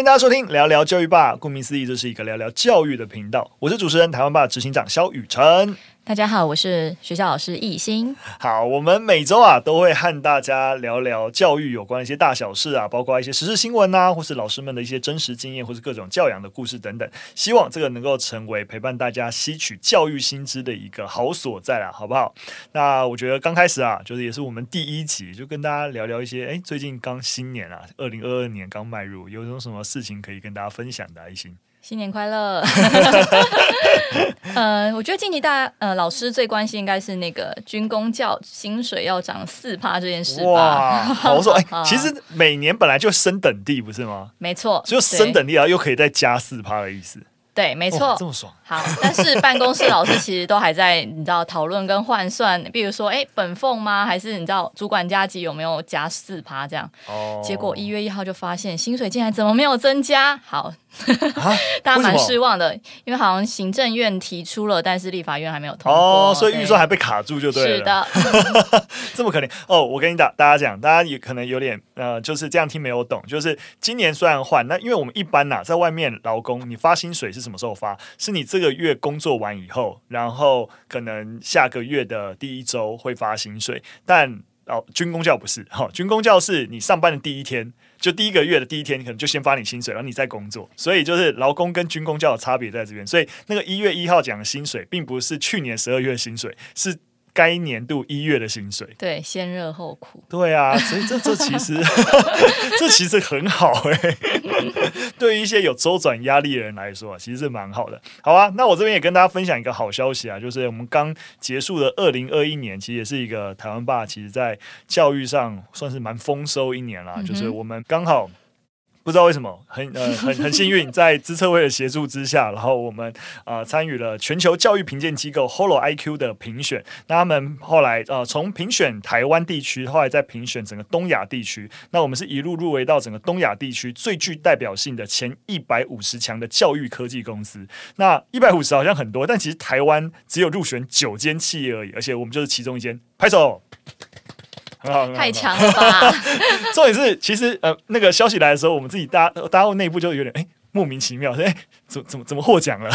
歡迎大家收聽《聊聊教育吧》，顧名思義，這是一個聊聊教育的頻道。我是主持人台灣吧執行長蕭宇辰。大家好，我是學校老師懿心。好，我們每周啊都會和大家聊聊教育有關的一些大小事啊，包括一些時事新聞吶、啊，或是老師們的一些真實經驗，或是各種教養的故事等等。希望這個能夠成為陪伴大家吸取教育新知的一個好所在啦、啊，好不好？那我覺得剛開始啊，就是也是我們第一集，就跟大家聊聊一些，哎，最近剛新年啊，二零二二年剛邁入，有什麼什麼事情可以跟大家分享的、啊？懿心。新年快樂！ 呃，我覺得近期大家呃老師最關心應該是那個軍公教薪水要漲四趴這件事。哇！我說，哎、 欸，其實每年本來就升等地不是嗎？沒錯，就升等地啊，對然後又可以再加四趴的意思。對，沒錯，哦、這麼爽。好，但是辦公室老師其實都還在， 你知道討論跟換算，比如說，哎，本俸嗎？還是你知道主管加給有沒有加四趴這樣？哦。結果一月一號就發現薪水竟然怎麼沒有增加？好，哈 大家蠻失望的，因為好像行政院提出了，但是立法院還沒有通過哦，對所以預算還被卡住，就對了。是的， 這麼可憐。哦，我跟你打大家講，大家也可能有點呃，就是這樣聽沒有懂，就是今年雖然換，那因為我們一般吶、啊，在外面勞工，你發薪水是。是什麼時候發？是你這個月工作完以後，然後可能下個月的第一周會發薪水，但哦，軍公教不是哈、哦，軍公教是你上班的第一天，就第一個月的第一天，你可能就先發你薪水，然後你再工作，所以就是勞工跟軍公教的差別在這邊。所以那個一月一號講的薪水，並不是去年十二月薪水，是該年度一月的薪水。對，先熱後苦。對啊，所以這這其實 這其實很好哎、欸。對於一些有周轉壓力的人來說、啊，其實是蠻好的。好啊，那我這邊也跟大家分享一個好消息啊，就是我們剛結束的二零二一年，其實也是一個台灣吧，其實在教育上算是蠻豐收一年了，嗯、哼就是我們剛好。不知道為什麼，很呃很很幸運，在資策會的協助之下，然後我們呃參與了全球教育評鑑機構 Holo IQ 的評選。那他們後來呃從評選台灣地區，後來再評選整個東亞地區。那我們是一路入圍到整個東亞地區最具代表性的前一百五十強的教育科技公司。那一百五十好像很多，但其實台灣只有入選九間企業而已，而且我們就是其中一間。拍手。很好，很好，太強了吧！ 重點是，其實呃，那個消息來的時候，我們自己大家大家內部就有點誒、欸、莫名其妙，哎、欸。怎怎麼怎麼獲獎了？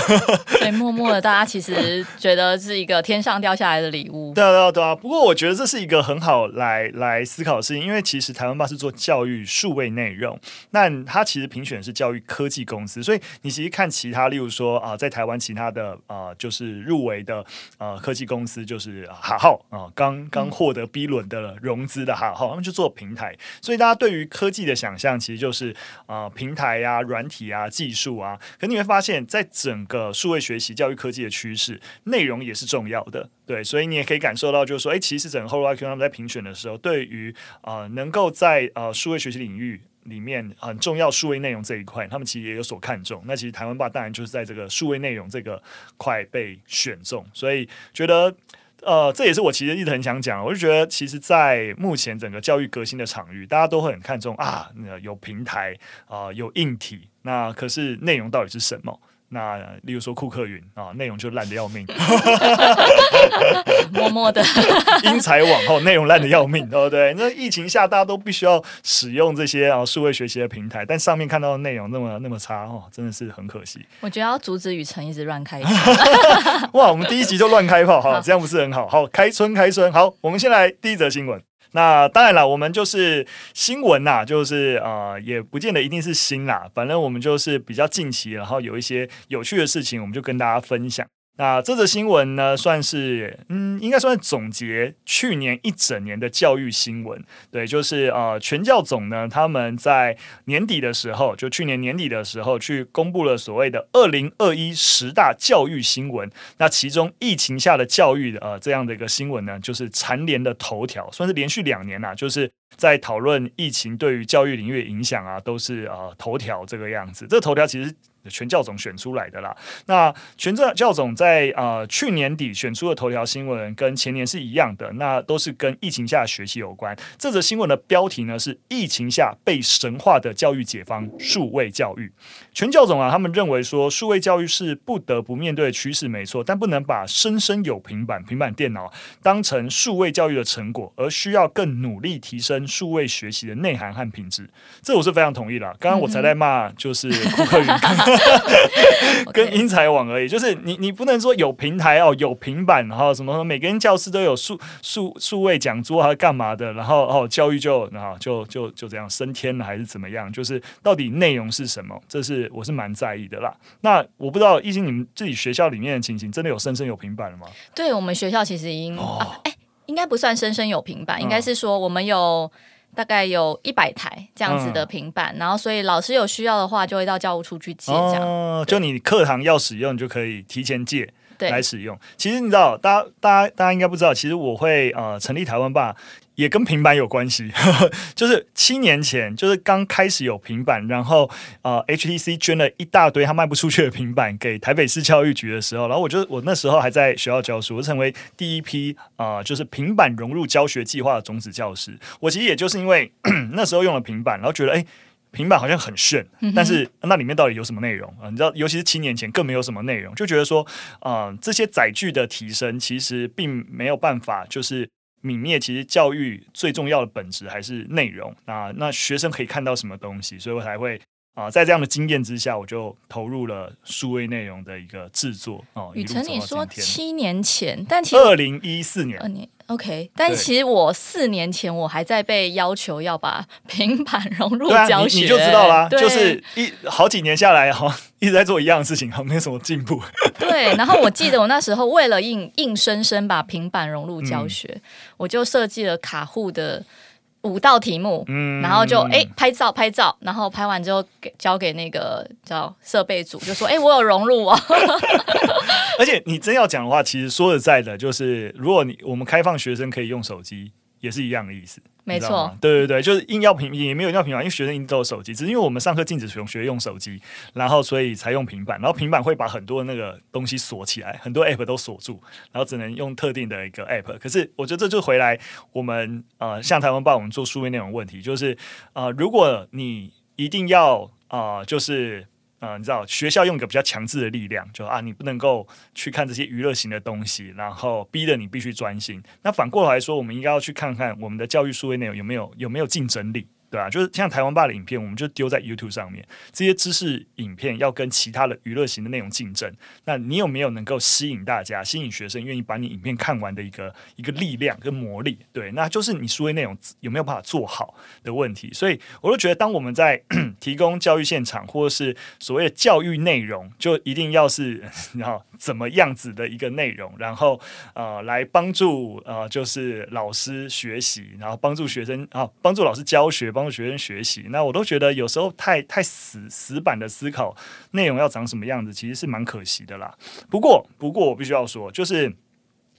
對。 默默的，大家其實覺得是一個天上掉下來的禮物。 對啊，對啊，對啊。不過我覺得這是一個很好來來思考的事情，因為其實台灣吧是做教育數位內容，那他其實評選是教育科技公司。所以你其實看其他，例如說啊、呃，在台灣其他的啊、呃，就是入圍的啊、呃、科技公司，就是哈號啊、呃，剛剛獲得 B 輪的融資的哈號他們就做平台。所以大家對於科技的想象，其實就是啊、呃、平台啊、軟體啊、技術啊，可能。發現，在整個數位學習教育科技的趨勢，內容也是重要的，對，所以你也可以感受到，就是說，誒，其實整個 HolonIQ 他們在評選的時候，對於啊、呃，能夠在啊、呃、數位學習領域裡面很重要數位內容這一塊，他們其實也有所看重。那其實台灣吧當然就是在這個數位內容這個塊被選中，所以覺得呃，這也是我其實一直很想講，我就覺得，其實，在目前整個教育革新的場域，大家都會很看重啊，有平台啊、呃，有硬體。那可是內容到底是什麼？那例如說酷課雲啊、哦，內容就爛得要命， 默默的因材網哦，內容爛得要命，對不對？那疫情下大家都必須要使用這些啊、哦、數位學習的平台，但上面看到的內容那麼那麼差、哦、真的是很可惜。我覺得要阻止宇辰一直亂開 哇，我們第一集就亂開炮哈，好這樣不是很好。好，開春，開春，好，我們先來第一則新聞。那當然了，我們就是新聞啦，就是呃，也不見得一定是新啦。反正我們就是比較近期，然後有一些有趣的事情，我們就跟大家分享。那這則新聞呢，算是嗯，應該算是總結去年一整年的教育新聞。對，就是呃，全教總呢，他們在年底的時候，就去年年底的時候，去公布了所謂的二零二一十大教育新聞。那其中疫情下的教育呃，這樣的一個新聞呢，就是蟬聯的頭條，算是連續兩年吶、啊，就是在討論疫情對於教育領域的影響啊，都是呃頭條這個樣子。這個、頭條其實。全教總選出來的啦。那全教教總在呃去年底選出的頭條新聞跟前年是一樣的，那都是跟疫情下學習有關。這則新聞的標題呢是“疫情下被神化的教育解方，數位教育”。全教總啊，他們認為說數位教育是不得不面對的趨勢，沒錯，但不能把生生有平板、平板電腦當成數位教育的成果，而需要更努力提升數位學習的內涵和品質。這我是非常同意啦。剛剛我才在罵就是酷課雲。嗯 Okay. 跟因材網而已，就是你你不能說有平台哦，有平板然後什麼，每個人教室都有數數數位講桌啊，幹嘛的，然後哦，後教育就然後就就就這樣升天了，還是怎麼樣？就是到底內容是什麼，這是我是蠻在意的啦。那我不知道，懿心你們自己學校裡面的情形，真的有生生有平板了嗎？對，我們學校其實已經，哎、哦啊，應該不算生生有平板，應該是說我們有。嗯大概有一百台這樣子的平板，嗯、然後所以老師有需要的話，就會到教務處去借這樣。哦、對就你課堂要使用，你就可以提前借來使用。對其實你知道，大家大家大家應該不知道，其實我會呃成立台灣吧。也跟平板有關係， 就是七年前，就是剛開始有平板，然後啊、呃，HTC 捐了一大堆他賣不出去的平板給台北市教育局的時候，然後我就我那時候還在學校教書，我成為第一批啊、呃，就是平板融入教學計劃的種子教師。我其實也就是因為那時候用了平板，然後覺得哎，平板好像很炫，嗯、哼但是那裡面到底有什麼內容啊、呃？你知道，尤其是七年前更沒有什麼內容，就覺得說，呃，這些載具的提升其實並沒有辦法，就是。泯滅，其實教育最重要的本質還是內容，那那學生可以看到什麼東西，所以我才會。啊，在這樣的經驗之下，我就投入了數位內容的一個制作。哦、啊，宇辰晨，你說七年前，但其實 2014< 年>二零一四年，OK，但其實我四年前，我還在被要求要把平板融入教學，啊、你，你就知道啦、啊，對就是一好幾年下來，哈，一直在做一樣的事情，哈，沒什麼進步。對， 然後我記得我那時候為了硬硬生生把平板融入教學，嗯、我就設計了卡戶的。五道題目，然後就誒、嗯欸、拍照拍照，然後拍完之後給交給那個叫設備組，就說誒、欸、我有融入哦。 而且你真要講的話，其實說實在的，就是如果你我們開放學生可以用手機，也是一樣的意思。沒錯，對對對，就是硬要平，也沒有硬要平板，因為學生都有手機，只是因為我們上課禁止使用。學生用手機，然後所以才用平板，然後平板會把很多那個東西鎖起來，很多 app 都鎖住，然後只能用特定的一個 app。可是我覺得這就回來我們呃，像台灣吧我們做書面內容的問題，就是呃，如果你一定要啊、呃，就是。啊、嗯，你知道，學校用一個比較強制的力量，就啊，你不能夠去看這些娛樂型的東西，然後逼着你必須專心。那反過來說，我們應該要去看看我們的教育數位內容有沒有有沒有競爭力。對啊，就是像台灣吧的影片，我們就丟在 YouTube 上面。這些知識影片要跟其他的娛樂型的內容競爭，那你有沒有能夠吸引大家、吸引學生願意把你影片看完的一個一個力量跟魔力？對，那就是你說的內容有沒有辦法做好的問題。所以，我都覺得當我們在 提供教育現場或者是所謂的教育內容，就一定要是然後怎麼樣子的一個內容，然後呃，來幫助呃，就是老師學習，然後幫助學生啊，然後幫助老師教學。幫助學生學習，那我都覺得有時候太太死死板的思考內容要長什麼樣子，其實是蠻可惜的啦。不過，不過我必須要說，就是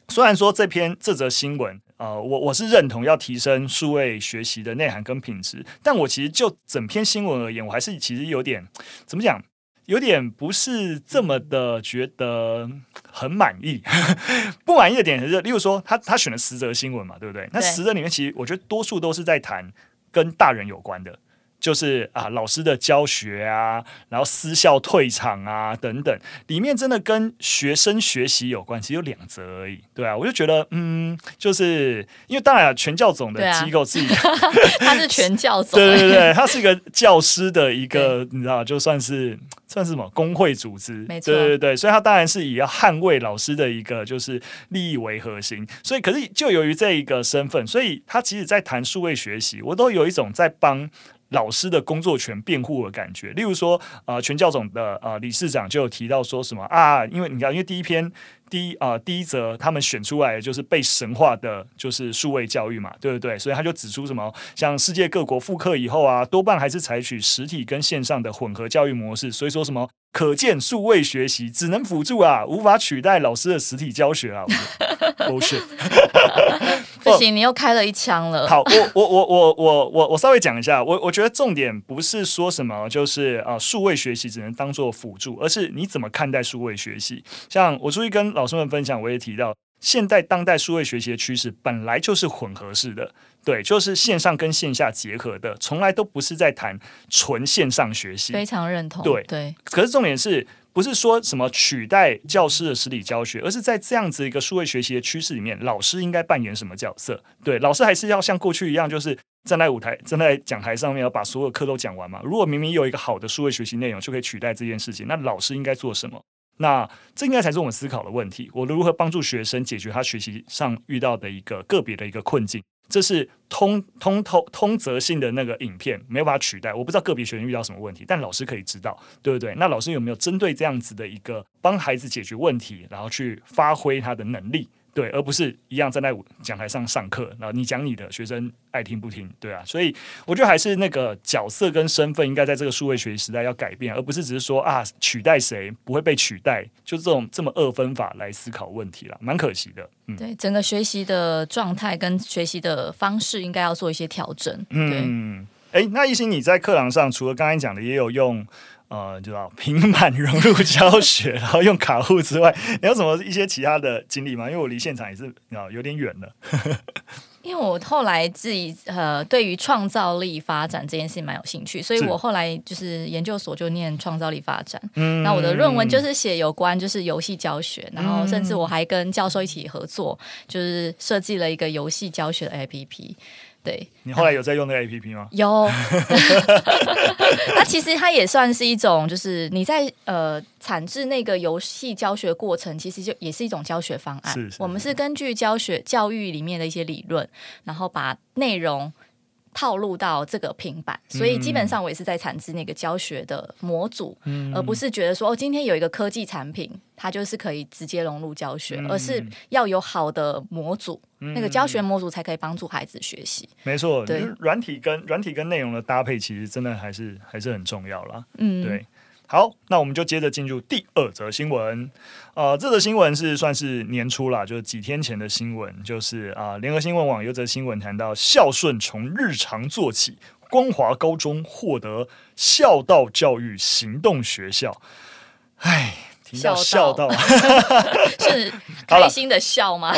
雖然說這篇這則新聞，呃，我我是認同要提升數位學習的內涵跟品質，但我其實就整篇新聞而言，我還是其實有點怎麼講，有點不是這麼的覺得很滿意。 不滿意的點是，例如說他，他他選了十則新聞嘛，對不對？那十則裡面，其實我覺得多數都是在談。跟大人有關的。就是啊，老師的教學啊，然後私校退場啊，等等，裡面真的跟學生學習有關係，有兩則而已，對啊，我就覺得，嗯，就是因為當然、啊、全教總的機構自己，對啊、 他是全教總， 對對對，他是一個教師的一個，對你知道，就算是算是什麼工會組織，沒錯錯，對對對，所以他當然是以要捍衛老師的一個就是利益為核心，所以可是就由於這一個身份，所以他即使在談數位學習，我都有一種在幫。老師的工作權辯護的感覺，例如說，呃，全教總的呃理事長就有提到說什麼啊？因為你看，因為第一篇第一啊、呃、第一則他們選出來的就是被神化的，就是數位教育嘛，對不對？所以他就指出什麼，像世界各國復課以後啊，多半還是採取實體跟線上的混合教育模式，所以說什麼。可見數位學習只能輔助啊，無法取代老師的實體教學啊。不是，不行，你又開了一槍了。好，我我我我我我我稍微講一下，我我覺得重點不是說什麼，就是啊，數位學習只能當做輔助，而是你怎麼看待數位學習。像我出去跟老師們分享，我也提到現代當代數位學習的趨勢本來就是混合式的。對，就是線上跟線下結合的，從來都不是在談純線上學習。非常認同。對對。對，可是重點是，不是說什麼取代教師的實體教學，而是在這樣子一個數位學習的趨勢裡面，老師應該扮演什麼角色？對，老師還是要像過去一樣，就是站在舞台，站在講台上面，要把所有課都講完嘛。如果明明有一個好的數位學習內容就可以取代這件事情，那老師應該做什麼？那這應該才是我們思考的問題。我如何幫助學生解決他學習上遇到的一個個別的一個困境？這是通通透通，通則性的那個影片，沒有辦法取代。我不知道個別學生遇到什麼問題，但老師可以知道，對不對？那老師有沒有針對這樣子的一個幫孩子解決問題，然後去發揮他的能力？對，而不是一樣站在講台上上課。然後你講你的，學生愛聽不聽，對啊，所以我覺得還是那個角色跟身份應該在這個數位學習時代要改變，而不是只是說啊取代誰不會被取代，就這種這麼二分法來思考問題了，蠻可惜的。嗯、對，整個學習的狀態跟學習的方式應該要做一些調整。對嗯，哎，那懿心你在課堂上除了剛才講的，也有用。呃，就是平板融入教學，然後用卡戶之外，你有什麼一些其他的經歷嗎？因為我離現場也是啊有點遠了。呵呵，因為我後來自己呃，對於創造力發展這件事情蠻有興趣，所以我後來就是研究所就念創造力發展。嗯是。那我的論文就是寫有關就是遊戲教學，嗯、然後甚至我還跟教授一起合作，就是設計了一個遊戲教學的 APP。對，你後來有在用那個 APP 嗎？啊，有， 它其實它也算是一種，就是你在呃產製那個遊戲教學過程，其實就也是一種教學方案。是，是，我們是根據教學、嗯、教育裡面的一些理論，然後把內容。套路到這個平板，所以基本上我也是在產生那個教學的模組，嗯、而不是覺得說哦，今天有一個科技產品，它就是可以直接融入教學，嗯、而是要有好的模組，嗯、那個教學模組才可以幫助孩子學習。沒錯，對就軟體跟軟體跟內容的搭配，其實真的還是還是很重要啦。嗯，對。好，那我們就接着進入第二則新聞。呃，這則新聞是算是年初啦，就是幾天前的新聞，就是啊、呃，聯合新聞網有則新聞談到孝順從日常做起，光華高中獲得孝道教育行動學校。哎。校校道，校道 是開心的笑嗎？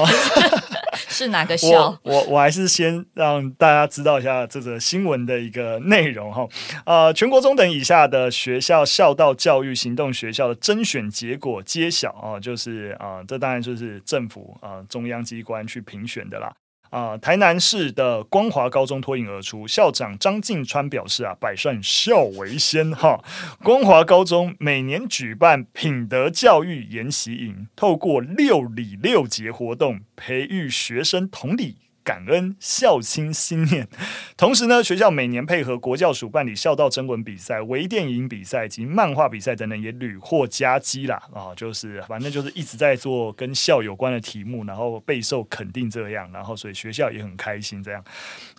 是哪個笑？我我，我還是先讓大家知道一下這個新聞的一個內容哈。呃，全國中等以下的學校孝道教育行動學校的甄選結果揭曉哦、呃，就是啊、呃，這當然就是政府啊、呃、中央機關去評選的啦。啊、呃，台南市的光華高中脫穎而出。校長張進川表示，啊，百善孝為先哈。光華高中每年舉辦品德教育研習營，透過六禮六節活動，培育學生同理。感恩孝親心念，同時呢，學校每年配合國教署辦理孝道徵文比賽、微電影比賽及漫畫比賽等等，也屢獲佳績啦。啊，就是反正就是一直在做跟孝有關的題目，然後備受肯定，這樣，然後所以學校也很開心這樣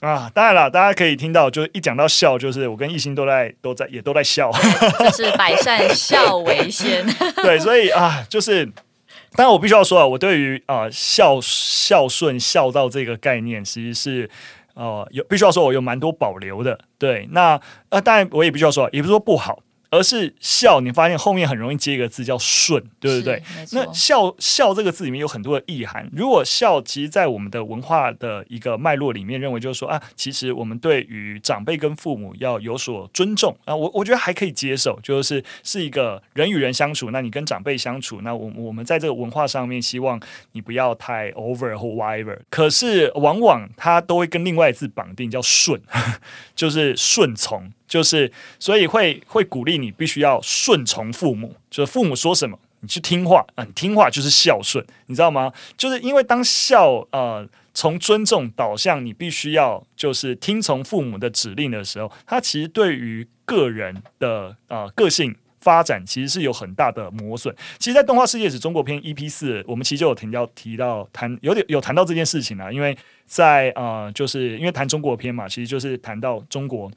啊。當然了，大家可以聽到，就是一講到孝，就是我跟懿心都在都在也都在笑，就是百善孝為先。 對，所以啊，就是。當然，但我必須要說啊，我對於啊、呃、孝孝順孝道這個概念，其實是，呃，有必須要說，我有蠻多保留的。對，那呃，當然我也必須要說，也不是說不好。而是孝，你發現後面很容易接一個字叫順，對不對？那孝孝這個字裡面有很多的意涵。如果孝，其實，在我們的文化的一個脈絡裡面，認為就是說啊，其實我們對於長輩跟父母要有所尊重啊，我我覺得還可以接受，就是是一個人與人相處，那你跟長輩相處，那我我們在這個文化上面希望你不要太 over 或 whatever。可是往往它都會跟另外一字綁定，叫順，呵呵就是順從。就是，所以會會鼓勵你必須要順從父母，就是父母說什麼你去聽話，啊，聽話就是孝順，你知道嗎？就是因為當孝，呃，從尊重導向，你必須要就是聽從父母的指令的時候，他其實對於個人的呃個性發展，其實是有很大的磨損。其實，在動畫世界史中國篇 EP4，我們其實就有提到提到談有點有談到這件事情了啊，因為在呃，就是因為談中國篇嘛，其實就是談到中國。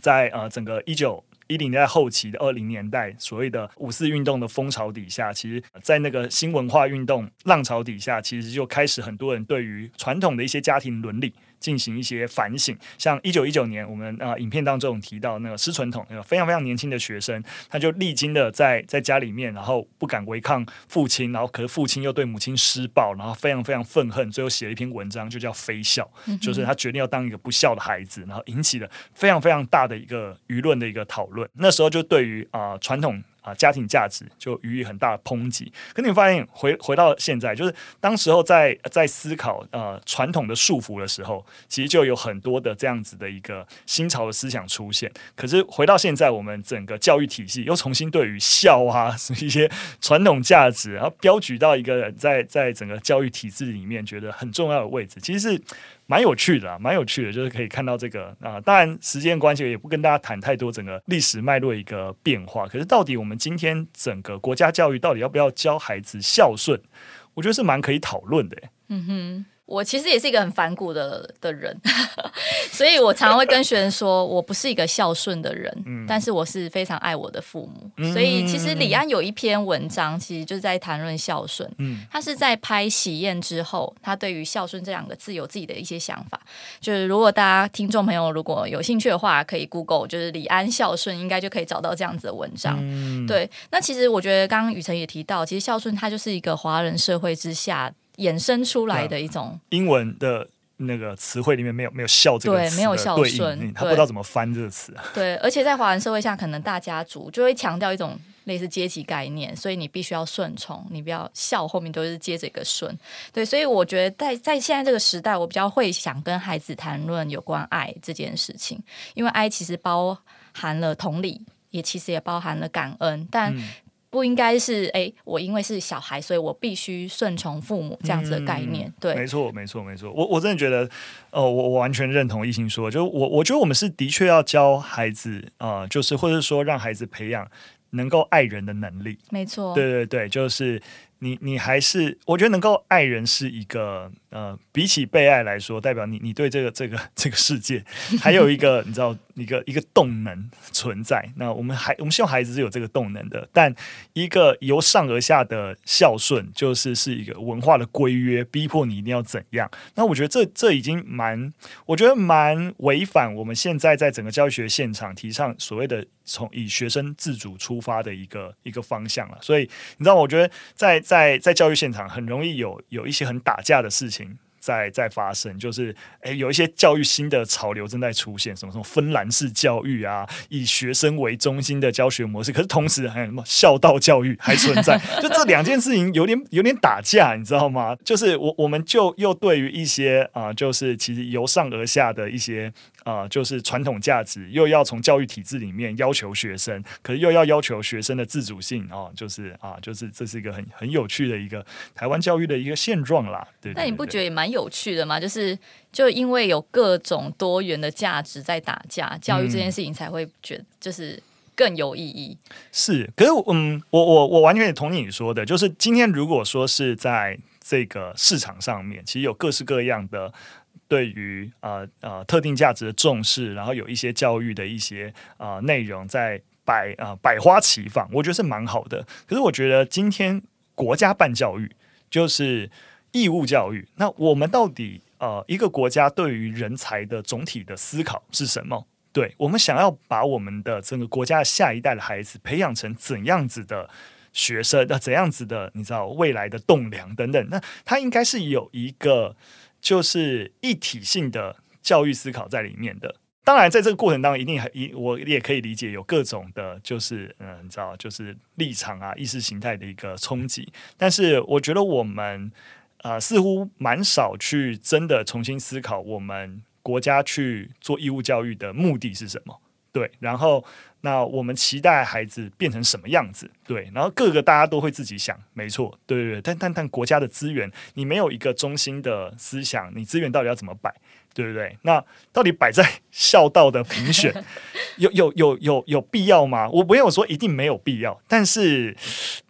在呃，整個一九一零年代後期的二零年代，所謂的五四運動的風潮底下，其實，在那個新文化運動浪潮底下，其實就開始很多人對於傳統的一些家庭倫理。進行一些反省，像一九一九年，我們啊、呃、影片當中提到那個施存統，那個非常非常年輕的學生，他就歷經的在在家裡面，然後不敢違抗父親，然後可是父親又對母親施暴，然後非常非常憤恨，最後寫了一篇文章，就叫《非孝》，嗯哼，就是他決定要當一個不孝的孩子，然後引起了非常非常大的一個輿論的一個討論。那時候就對於啊傳統。啊，家庭價值就予以很大的抨擊。可你發現回回到現在，就是當時候在在思考呃傳統的束縛的時候，其實就有很多的這樣子的一個新潮的思想出現。可是回到現在，我們整個教育體系又重新對於孝啊什麼一些傳統價值、啊，然後標舉到一個人在在整個教育體制裡面覺得很重要的位置。其實是。蠻有趣的啊，蠻有趣的，就是可以看到這個啊，呃。當然時間關係，也不跟大家談太多整個歷史脈絡一個變化。可是到底我們今天整個國家教育到底要不要教孩子孝順，我覺得是蠻可以討論的。嗯哼。我其實也是一個很反骨的的人， 所以我常，常會跟學生說， 我不是一個孝順的人，嗯、但是我是非常愛我的父母。嗯、所以其實李安有一篇文章，其實就是在談論孝順。他、嗯、是在拍喜宴之後，他對於孝順這兩個字有自己的一些想法。就是如果大家聽眾朋友如果有興趣的話，可以 Google，就是李安孝順，應該就可以找到這樣子的文章。嗯、對，那其實我覺得剛剛宇辰也提到，其實孝順它就是一個華人社會之下。衍生出來的一種、啊，英文的那個詞彙裡面沒有沒有孝這個詞，沒有孝順、嗯，他不知道怎麼翻這個詞、啊。對，而且在華人社會下，可能大家族就會強調一種類似階級概念，所以你必須要順從，你不要孝。後面都是接着一個順。對，所以我覺得在在現在這個時代，我比較會想跟孩子談論有關愛這件事情，因為愛其實包含了同理，也其實也包含了感恩，但。嗯不應該是誒、欸，我因為是小孩，所以我必須順從父母這樣子的概念。嗯、對，沒錯，沒錯，沒錯。我我真的覺得，哦、呃，我我完全認同懿心說，就我我覺得我們是的確要教孩子啊、呃，就是或者說讓孩子培養能夠愛人的能力。沒錯，對對對，就是。你你還是我覺得能夠愛人是一個呃，比起被愛來說，代表你你對這個這個這個世界還有一個你知道一個一個動能存在。那我們還我們希望孩子是有這個動能的，但一個由上而下的孝順就是是一個文化的規約，逼迫你一定要怎樣。那我覺得這這已經蠻我覺得蠻違反我們現在在整個教學現場提倡所謂的從以學生自主出發的一個一個方向了。所以你知道，我覺得在。在在教育現場，很容易有有一些很打架的事情。在在發生，就是哎、欸，有一些教育新的潮流正在出現，什麼什麼芬蘭式教育啊，以學生為中心的教學模式。可是同時還有什麼孝道教育還存在， 就這兩件事情有點有點打架，你知道嗎？就是我我們就又對於一些啊、呃，就是其實由上而下的一些啊、呃，就是傳統價值又要從教育體制裡面要求學生，可是又要要求學生的自主性啊、哦，就是啊，就是這是一個很很有趣的一個台灣教育的一個現狀啦。對，對，對，對，對，但你不覺得也蠻有趣的嘛，就是就因為有各種多元的價值在打架，教育這件事情才會覺得就是更有意義。嗯、是，可是嗯，我我我完全也同意你說的，就是今天如果說是在這個市場上面，其實有各式各樣的對於呃呃特定價值的重視，然後有一些教育的一些呃內容在百呃百花齊放，我覺得是蠻好的。可是我覺得今天國家辦教育就是。義務教育，那我們到底呃，一個國家對於人才的總體的思考是什麼？對，我們想要把我們的整個國家下一代的孩子培養成怎樣子的學生，那、啊、怎樣子的，你知道未來的棟梁等等，那它應該是有一個就是一體性的教育思考在裡面的。當然，在這個過程當中，一定還一我也可以理解有各種的，就是嗯，你知道，就是立場啊、意識形態的一個衝擊。但是，我覺得我們。啊、呃，似乎蠻少去真的重新思考我們國家去做義務教育的目的是什麼？對。然後，那我們期待孩子變成什麼樣子，對。然後，各個大家都會自己想，沒錯，對對對，但但但國家的資源，你沒有一個中心的思想，你資源到底要怎麼擺，對不對？那到底擺在孝道的評選，有有有有有必要嗎？我沒有說一定沒有必要，但是。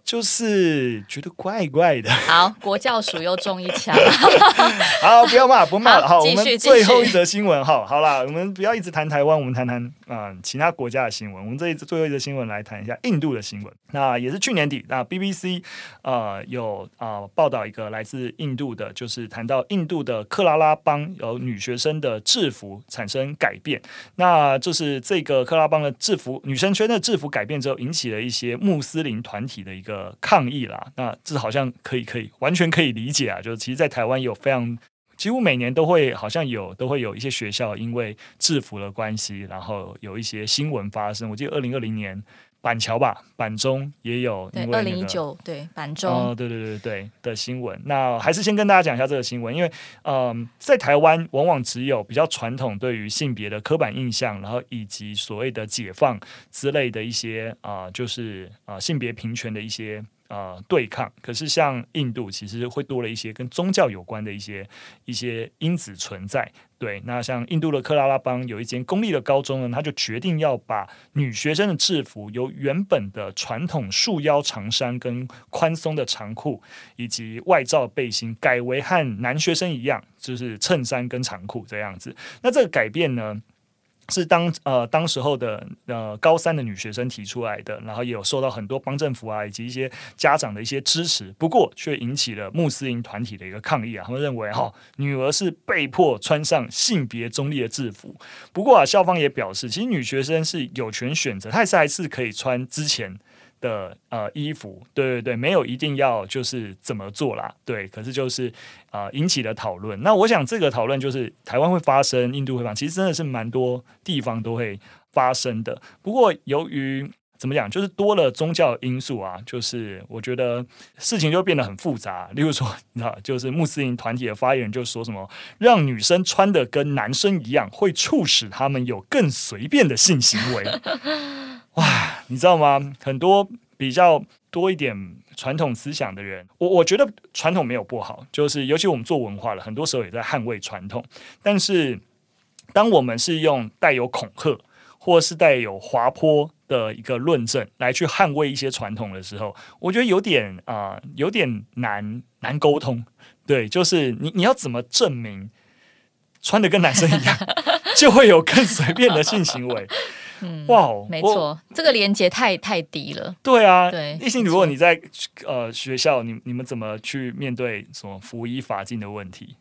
就是覺得怪怪的。好，國教署又中一槍。 好，不要罵，不罵了。好，好，我們最後一則新聞。哈，好了，我們不要一直談台灣，我們談談嗯、呃、其他國家的新聞。我們這一次最後一則新聞來談一下印度的新聞。那也是去年底，那 BBC 啊、呃、有啊、呃、報道一個來自印度的，就是談到印度的喀拉拉邦有女學生的制服產生改變，那就是這個喀拉邦的制服女生穿的制服改變之後，引起了一些穆斯林團體的一個。呃，抗議啦，那這好像可以，可以，完全可以理解啊。就是其實，在台灣有非常幾乎每年都會好像有都會有一些學校因為制服的關係，然後有一些新聞發生。我記得二零二零年。板橋吧，板中也有。對，二零一九，2019，對，板中。啊、呃，對對對對，對的新聞。那還是先跟大家講一下這個新聞，因為，嗯、呃，在台灣往往只有比較傳統對於性別的刻板印象，然後以及所謂的解放之類的一些啊、呃，就是啊、呃、性別平權的一些。呃，對抗。可是像印度，其實會多了一些跟宗教有關的一些一些因子存在。對，那像印度的喀拉拉邦有一間公立的高中呢，他就決定要把女學生的制服由原本的傳統束腰長衫跟寬鬆的長褲以及外罩背心改為和男學生一樣，就是襯衫跟長褲這樣子。那這個改變呢？是當呃當時候的呃高三的女學生提出來的，然後也有受到很多邦政府啊以及一些家長的一些支持，不過卻引起了穆斯林團體的一個抗議啊，他們認為哈女兒是被迫穿上性別中立的制服，不過啊校方也表示，其實女學生是有權選擇，她還是還是可以穿之前的呃衣服，對對對，沒有一定要就是怎麼做啦，對，可是就是啊、呃、引起的討論。那我想這個討論就是台灣會發生，印度會發生，其實真的是蠻多地方都會發生的。不過由於怎麼講，就是多了宗教因素啊，就是我覺得事情就變得很複雜。例如說，你知道就是穆斯林團體的發言人就說什麼，讓女生穿的跟男生一樣，會促使他們有更隨便的性行為。哇！ 你知道嗎？很多比較多一點傳統思想的人，我我覺得傳統沒有不好，就是尤其我們做文化的，很多時候也在捍衛傳統。但是，當我們是用帶有恐嚇或是帶有滑坡的一個論證來去捍衛一些傳統的時候，我覺得有點啊、呃，有點難難溝通。對，就是你你要怎麼證明穿得跟男生一樣就會有更隨便的性行為？ 嗯，哇，Wow, 沒錯，我這個連接太太低了。對啊，對，懿心，如果你在錯呃學校，你你們怎麼去面對什麼服儀髮禁的問題？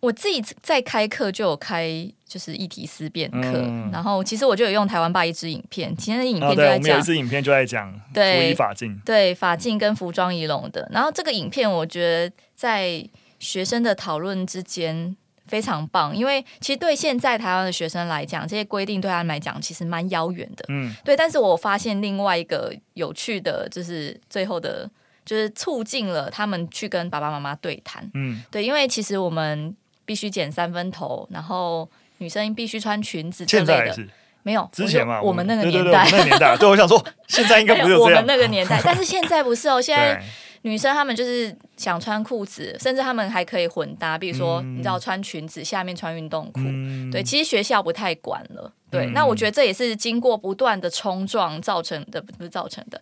我自己在開課就有開就是議題思辨課，嗯、然後其實我就有用台灣吧一支影片，其實影片就在講，哦、對我有一支影片就在講服儀髮禁，對，對髮禁跟服裝儀容的。然後這個影片，我覺得在學生的討論之間。非常棒，因為其實對現在台灣的學生來講，這些規定對他們來講其實蠻遙遠的。嗯，對。但是我發現另外一個有趣的，就是最後的，就是促進了他們去跟爸爸媽媽對談。嗯，對，因為其實我們必須剪三分頭，然後女生必須穿裙子之類的，現在沒有之前嘛，我們那個年代，那個年代，對我想說，現在應該沒有這樣，我們那個年代，但是現在不是哦，現在。 女生她們就是想穿褲子，甚至她們還可以混搭，比如說、嗯、你知道穿裙子下面穿運動褲，嗯、對，其實學校不太管了，嗯、對。那我覺得這也是經過不斷的衝撞造成的，不是造成的，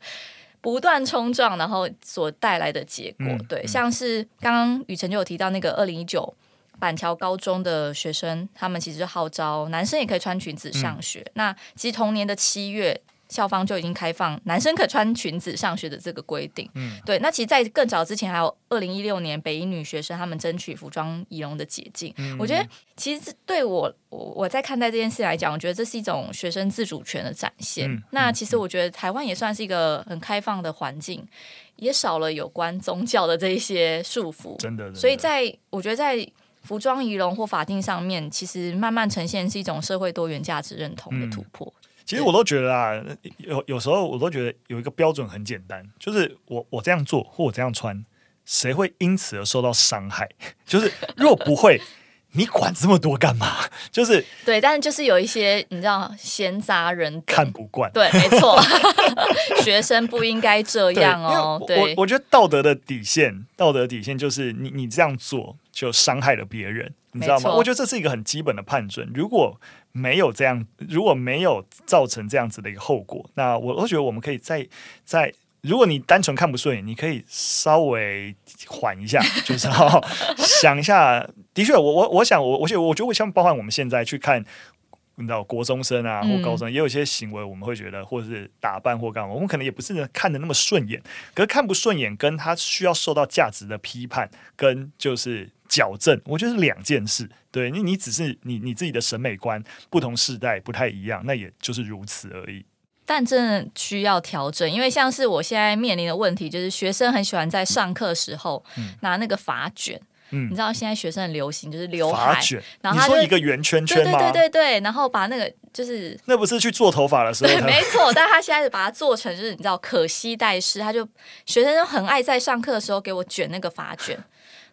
不斷衝撞然後所帶來的結果，嗯、對。像是剛剛宇辰就有提到那個二零一九板橋高中的學生，他們其實號召男生也可以穿裙子上學，嗯、那其實同年的七月。校方就已經開放男生可穿裙子上學的這個規定。嗯，對。那其實，在更早之前，還有二零一六年北醫女學生他們爭取服裝儀容的解禁。嗯、我覺得其實對我我我在看待這件事情來講，我覺得這是一種學生自主權的展現。嗯嗯、那其實我覺得台灣也算是一個很開放的環境，也少了有關宗教的這一些束縛。真的。所以在、嗯、我覺得在服裝儀容或法定上面，其實慢慢呈現是一種社會多元價值認同的突破。嗯其實我都覺得啦，有有時候我都覺得有一個標準很簡單，就是我我這樣做或我這樣穿，誰會因此而受到傷害？就是若不會。 你管這麼多幹嘛？就是對，但是就是有一些你知道閒雜人看不慣，對，沒錯， 學生不應該這樣哦。對我對我，我覺得道德的底線，道德底線就是你你這樣做就傷害了別人，你知道嗎？錯我覺得這是一個很基本的判準。如果沒有這樣，如果沒有造成這樣子的一個後果，那我我覺得我們可以再再。在如果你單純看不順眼，你可以稍微緩一下，就是好好想一下。 的確，我我我想，我我覺得，我就會像包含我們現在去看，你知道，國中生啊或高中、嗯、也有一些行為，我們會覺得或者是打扮或幹嘛，我們可能也不是看的那麼順眼。可是看不順眼，跟他需要受到價值的批判，跟就是矯正，我覺得是兩件事。對，你你只是你你自己的審美觀，不同世代不太一樣，那也就是如此而已。但真的需要調整，因為像是我現在面臨的問題，就是學生很喜歡在上課時候拿那個髮卷。嗯、你知道現在學生很流行就是劉海，卷然後你說一個圓圈圈嘛，對，對對對，然後把那個就是那不是去做頭髮的時候對？沒錯，但他現在是把它做成、就是，你知道可攜帶式，他就學生就很愛在上課的時候給我卷那個髮卷，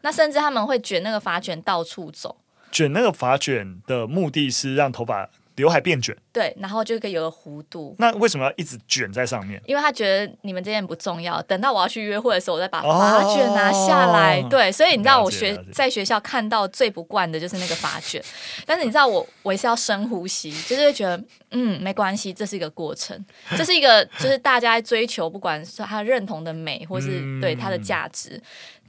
那甚至他們會卷那個髮卷到處走。卷那個髮卷的目的是讓頭髮。劉海變捲，對，然後就可以有了弧度。那為什麼要一直捲在上面？因為他覺得你們這件不重要。等到我要去約會的時候，我再把髮捲拿下來。哦、對，所以你知道我學在學校看到最不慣的就是那個髮捲。 但是你知道我，我也是要深呼吸，就是覺得嗯沒關係，這是一個過程，這是一個就是大家在追求，不管是他認同的美，或是、嗯、對他的價值。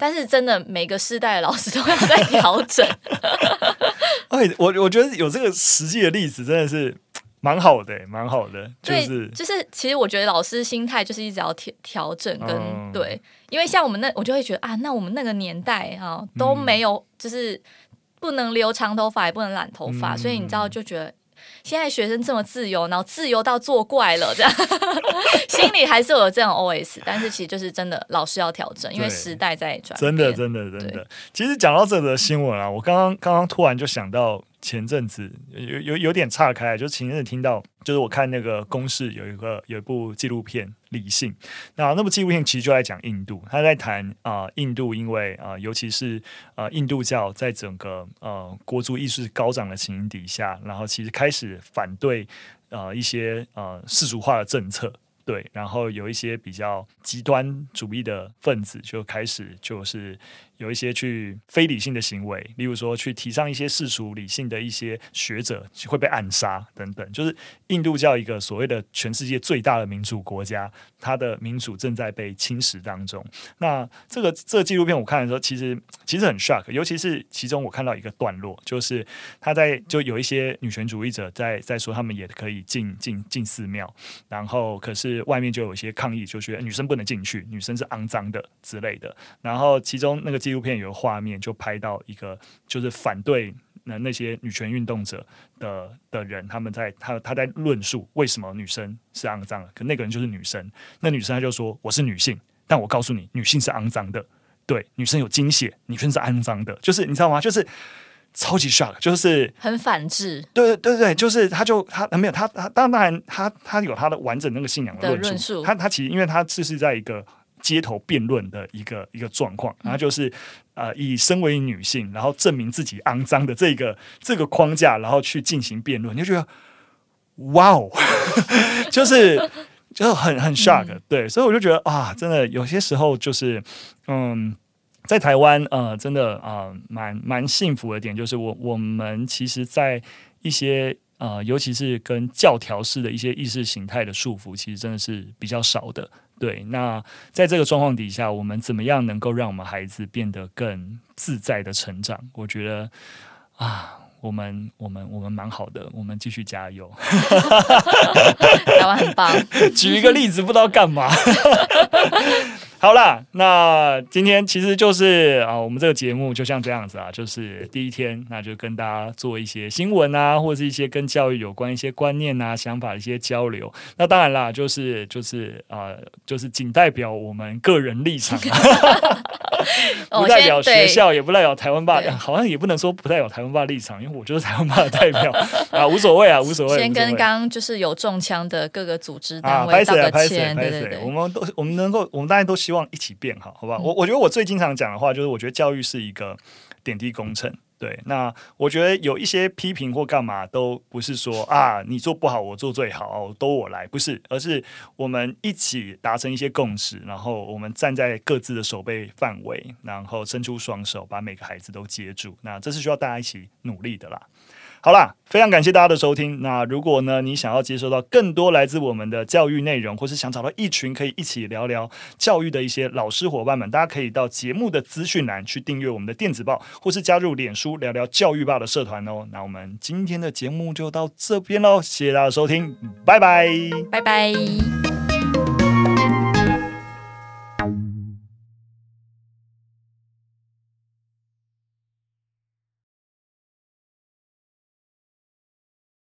但是真的，每個世代的老師都要在調整。 哎， okay, 我我覺得有這個實際的例子，真的是蠻好的，欸，好的，蠻好的。是就是、就是，其實我覺得老師心態就是一直要調調整跟，嗯、對，因為像我們那，我就會覺得啊，那我們那個年代哈，啊，都沒有，嗯，就是不能留長頭髮，也不能染頭髮，嗯、所以你知道就覺得。現在學生這麼自由，然後自由到作怪了，這樣 心裡還是有這樣 OS， 但是其實就是真的老師要調整，因為時代在轉。真的，真的，真的對。其實講到這個新聞啊，我剛剛剛剛突然就想到前陣子有有有點岔開，就是前陣子聽到，就是我看那個公視有一個有一部紀錄片。理性，那那麼紀錄片其實就在講印度，他在談啊、呃，印度因為啊、呃，尤其是呃印度教在整個呃國族意識高漲的情形底下，然後其實開始反對呃一些呃世俗化的政策，對，然後有一些比較極端主義的分子就開始就是。有一些去非理性的行為，例如說去提倡一些世俗理性的一些學者會被暗殺等等。就是印度教一個所謂的全世界最大的民主國家，它的民主正在被侵蝕當中。那這個這個紀錄片我看的時候其，其實其實很 shock。尤其是其中我看到一個段落，就是他在就有一些女權主義者在在說他們也可以進進進寺廟，然後可是外面就有一些抗議，就覺得女生不能進去，女生是骯髒的之類的。然後其中那個。紀錄片有個畫面，就拍到一個就是反對那那些女權運動者的的人，他們在他他在論述為什麼女生是骯髒的，可那個人就是女生，那女生她就說我是女性，但我告訴你，女性是骯髒的，對，女生有經血，女生是骯髒的，就是你知道嗎？就是超級 shock，就是很反制，對對對對，就是他就他沒有他他當然他他有他的完整那個信仰的論述，他他其實因為他是是在一個。街頭辯論的一個一個狀況，然後就是呃，以身為女性，然後證明自己骯髒的這個這個框架，然後去進行辯論，你就覺得哇哦， 就是就很很 shock，嗯，對，所以我就覺得啊，真的有些時候就是，嗯，在台灣呃，真的啊，呃，蠻蠻蠻幸福的點就是我，我我們其實，在一些呃，尤其是跟教條式的一些意識形態的束縛，其實真的是比較少的。對，那在這個狀況底下，我們怎麼樣能夠讓我們孩子變得更自在的成長？我覺得啊，我們我們我們蠻好的，我們繼續加油， 台灣很棒。舉一個例子，不知道幹嘛。 好啦，那今天其實就是啊，我們這個節目就像這樣子啊，就是第一天，那就跟大家做一些新聞啊，或者是一些跟教育有關一些觀念啊、想法一些交流。那當然啦，就是就是啊、呃，就是僅代表我們個人立場、啊， 不代表學校，哦、也不代表台灣吧對、啊、好像也不能說不代表台灣吧立場，因為我就是台灣吧的代表啊，無所謂啊，無所謂。先跟剛，剛就是有中槍的各個組織單位道、啊啊、個歉，對對，對我們都我們能夠，我們大家都是。希望一起變好，好不好？我我覺得我最經常講的話就是，我覺得教育是一個點滴工程。對，那我覺得有一些批評或幹嘛，都不是說啊，你做不好，我做最好，都我，我來，不是，而是我們一起達成一些共識，然後我們站在各自的守備範圍，然後伸出雙手，把每個孩子都接住。那這是需要大家一起努力的啦。好啦，非常感謝大家的收聽。那如果呢，你想要接收到更多來自我們的教育內容，或是想找到一群可以一起聊聊教育的一些老師夥伴們，大家可以到節目的資訊欄去訂閱我們的電子報，或是加入臉書聊聊教育吧的社團哦。那我們今天的節目就到這邊嘍，謝謝大家收聽，拜拜，拜拜。